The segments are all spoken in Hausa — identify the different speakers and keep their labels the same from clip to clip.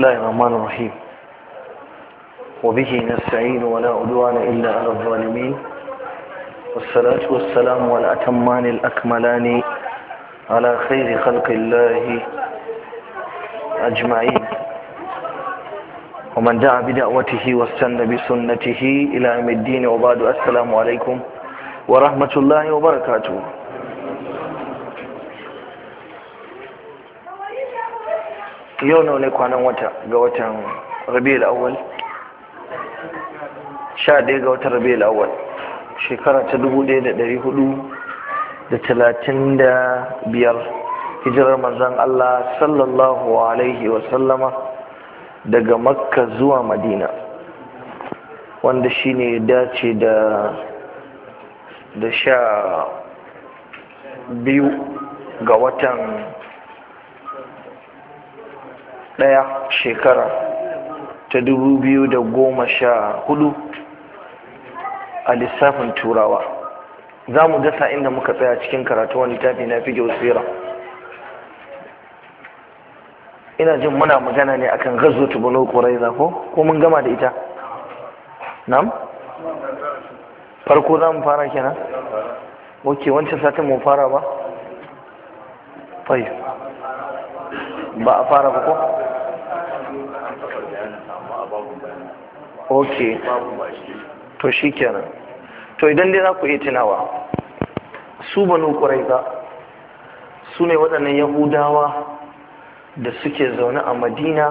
Speaker 1: الله الرحمن الرحيم وبه نستعين ولا عدوان إلا على الظالمين والصلاة والسلام والأتمان الأكملان على خير خلق الله أجمعين ومن دعا بدعوته واستنى بسنته إلى يوم الدين وبعد السلام عليكم ورحمة الله وبركاته yau nawa ne kwanan wata ga watan rabiul awwal sha ɗaya ga watan rabiul awwal shekara ta dubu ɗaya da ɗari hudu da talatin da biyar hijirar manzan Allah sallallahu alaihi wasallama daga makka zuwa madina wanda shi ya dace da sha biyu ga watan ɗaya shekara ta dubu biyu da goma sha hudu a lissafin turawa za mu dasa inda muka tsaya cikin karatu wani tafi na fi tsira ina jin muna magana ne akan gazo tubano ƙuraiza ko ko mun gama da ita nam farko za mu fara kenan ok wancan satin mu fara ba fai ba a fara ba ko ok to shi kenan to idan dai za ku iya tunawa su banu ƙuraiza su ne waɗannan yahudawa da suke zaune a madina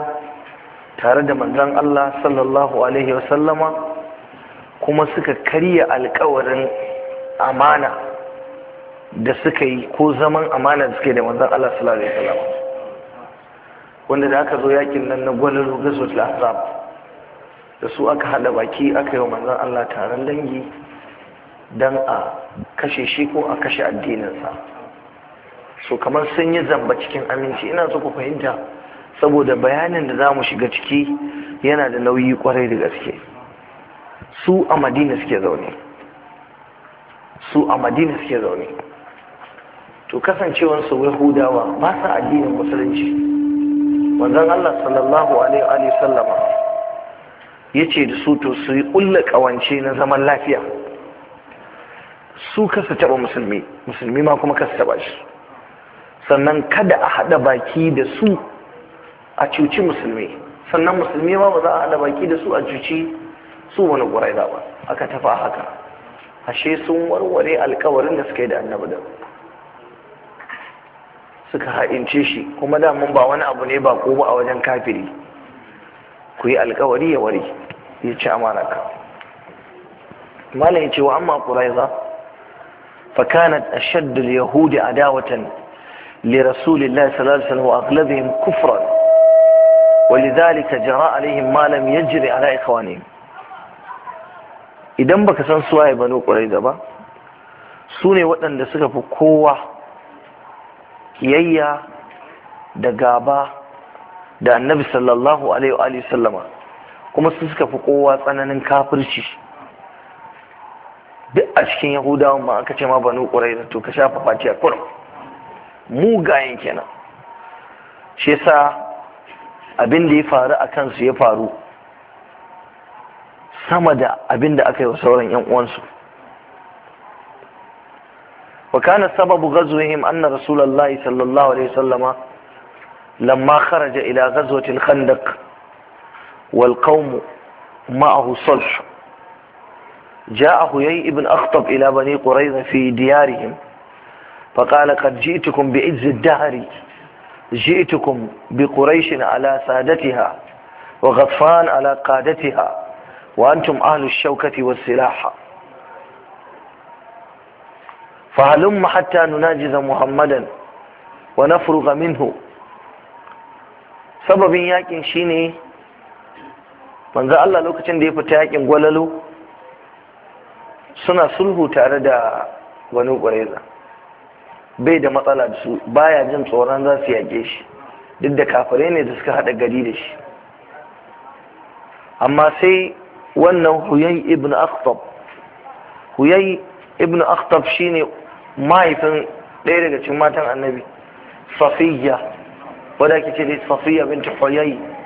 Speaker 1: tare da manzan allah sallallahu alaihi wasallama kuma suka karya alkawarin amana da suka yi ko zaman amana da suke da manzan allah sallallahu alaihi wasallama wanda da aka zo yakin nan na rugar su azab da su aka hada baki aka yi wa manzan Allah taron dangi don a kashe shi ko a kashe addininsa so kamar sun yi zamba cikin aminci ina so ku fahimta saboda bayanin da za mu shiga ciki yana da nauyi kwarai da gaske su a madina suke zaune su a madina suke zaune to kasancewarsu hudawa ba sa addinin musulunci wanzan Allah sallallahu alaihi wa sallama ce da su to su yi ƙulla ƙawance na zaman lafiya su kasa taɓa musulmi musulmi ma kuma kasa taɓa shi sannan kada a haɗa baki da su a cuci musulmi sannan musulmi ma ba za a haɗa baki da su a cuci su wani gurai ba aka tafa haka ashe sun warware alkawarin da suka yi da annabi da suka ha'ince shi kuma damun ba wani abu ne ba kuma a wajen kafiri ku yi alkawari ya wari ya ci amanaka malam ya ce wa amma quraiza fa kanat ashadd al-yahudi adawatan li rasulillahi sallallahu alaihi wasallam wa aghlabihim kufran ولذلك جرى عليهم ما لم يجري على إخوانهم idan baka san suwaye banu ƙwarai da ba su ne waɗanda suka fi kowa kiyayya da gaba da annabi sallallahu alaihi sallama kuma su suka fi kowa tsananin kafirci duk a cikin yahudawan ma aka ce ma banu ƙurai da to ka shafa a kurum mugayen kenan shi yasa abin da ya faru a kansu ya faru sama da abin da aka yi wa sauran 'yan uwansu وكان سبب غزوهم أن رسول الله صلى الله عليه وسلم لما خرج إلى غزوة الخندق والقوم معه صلح جاء هيي بن أخطب إلى بني قريظة في ديارهم فقال قد جئتكم بعز الدهر جئتكم بقريش على سادتها وغطفان على قادتها وأنتم أهل الشوكة والسلاح فهلم حتى نناجز محمدا ونفرغ منه sababin yakin shine manzo Allah lokacin da ya fita yakin gwalalu, suna sulhu tare da wani ƙwareza bai da matsala da su baya jin tsoron za su yaƙe shi duk da kafare ne da suka haɗa gari da shi amma sai wannan huyai ibn akhtab huyai ibn akhtab shine mahaifin ɗaya daga cikin matan annabi safiya wadda ake ce da safiya bin tafiyayi.